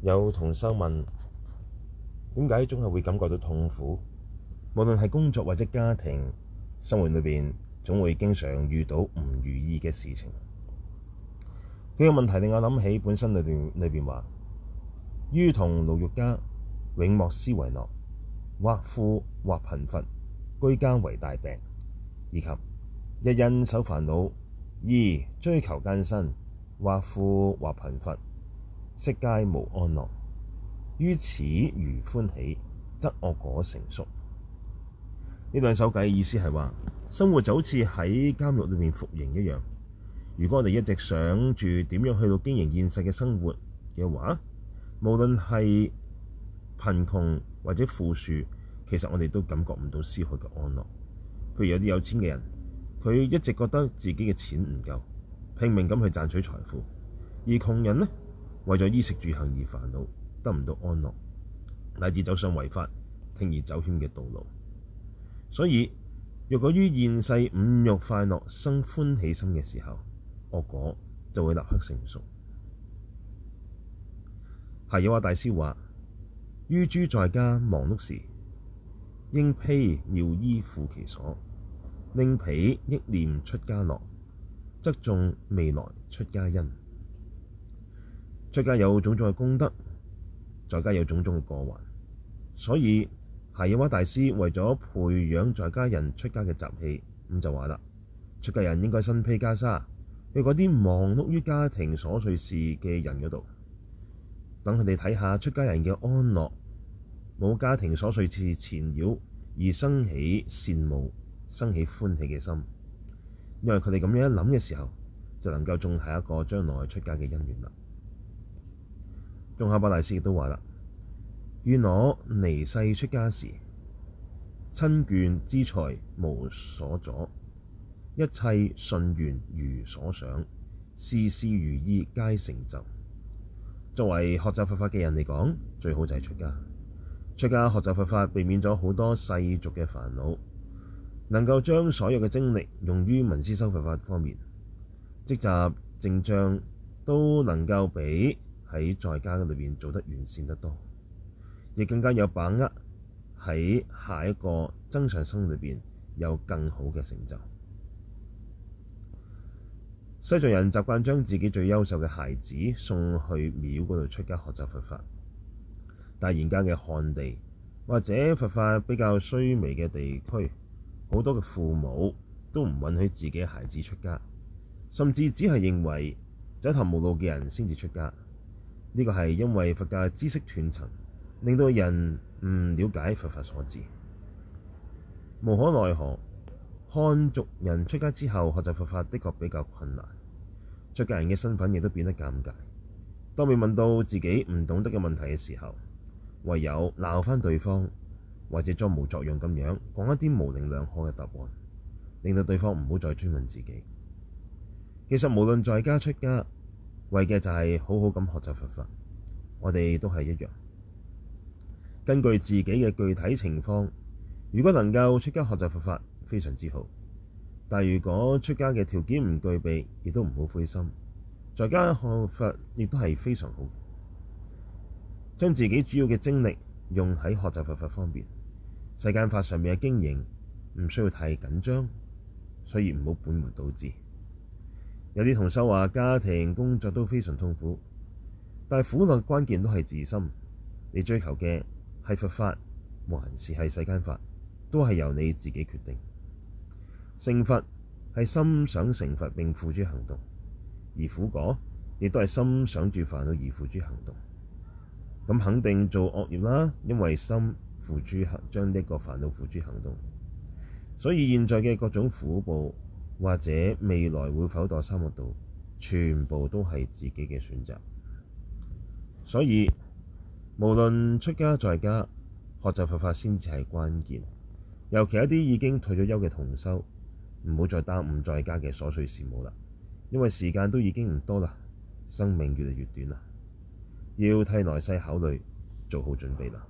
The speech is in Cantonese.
有同修問點解總係會感覺到痛苦，無論係工作或者家庭生活裏邊，總會經常遇到唔如意嘅事情。佢嘅問題令我諗起本生裏邊裏邊話：於同牢獄家，永莫思為樂，或富或貧乏，居家為大病；以及一因守煩惱，二追求艱辛，或富或貧乏。悉皆無安樂，於此愚歡喜，則惡果成熟。呢兩首偈嘅意思係話，生活就好似喺監獄裏面服刑一樣。如果我哋一直想住點樣去到經營現世嘅生活嘅話，無論係貧窮或者富庶，其實我哋都感覺唔到絲毫嘅安樂。譬如有啲有錢嘅人，佢一直覺得自己嘅錢唔夠，拼命咁去賺取財富，而窮人呢，為咗衣食住行而煩惱，得唔到安樂，乃至走上違法、鋌而走險嘅道路。所以，若果於現世五欲快樂生歡喜心嘅時候，惡果就會立刻成熟。霞惹瓦大師話：於諸在家忙碌時，應披妙衣，赴其所，令彼憶念出家樂，則種未來出家因。出家有種種嘅功德，在家有種種嘅過患，所以霞惹瓦大師為咗培養在家人出家嘅習氣，咁就話啦：出家人應該身披袈裟，去嗰啲忙碌於家庭瑣碎事嘅人嗰度，等佢哋睇下出家人嘅安樂，冇家庭瑣碎事纏繞而生起羨慕、生起歡喜嘅心，因為佢哋咁樣一諗嘅時候，就能夠種下一個將來出家嘅因緣啦。宗喀巴大師亦都話啦：願我離世出家時，親眷資財無所阻，一切順緣如所想，事事如意皆成就。作為學習佛法嘅人嚟講，最好就係出家。出家學習佛法，避免咗好多世俗嘅煩惱，能夠將所有嘅精力用於聞思修佛法方面，集資淨障都能夠俾。喺在，在家裏邊做得完善得多，亦更加有把握喺下一個增上生活裏邊有更好嘅成就。西藏人習慣將自己最優秀嘅孩子送去廟嗰度出家學習佛法，但係現今嘅漢地或者佛法比較衰微嘅地區，好多嘅父母都唔允許自己孩子出家，甚至只係認為走投無路嘅人先至出家。呢個係因為佛教知識斷層，令到人唔了解佛法所致。無可奈何，漢族人出家之後學習佛法的確比較困難，出家人嘅身份亦都變得尷尬。當你問到自己唔懂得嘅問題嘅時候，唯有鬧返對方，或者裝模作樣咁樣講一啲模棱兩可嘅答案，令到對方唔好再追問自己。其實無論在家出家，為嘅就係好好咁學習佛法，我哋都係一樣。根據自己嘅具體情況，如果能夠出家學習佛法，非常之好。但如果出家嘅條件唔具備，亦都唔好灰心，在家學佛亦都係非常好。將自己主要嘅精力用喺學習佛法方面，世間法上面嘅經營唔需要太緊張，所以唔好本末倒置。有啲同修話家庭工作，都非常痛苦，但係苦樂關鍵都係自心。你追求嘅係佛法還是係世間法，都係由你自己決定。成佛係心想成佛並付諸行動，而苦果亦都係心想住煩惱而付諸行動。咁肯定做惡業啦，因為心付諸行，將一個煩惱付諸行動。所以現在嘅各種苦報。或者未來會否墮三惡趣，全部都係自己嘅選擇。所以無論出家在家，學習佛法先至係關鍵。尤其一啲已經退咗休嘅同修，唔好再耽誤在家嘅瑣碎事務啦，因為時間都已經唔多啦，生命越嚟越短啦，要替來世考慮做好準備啦。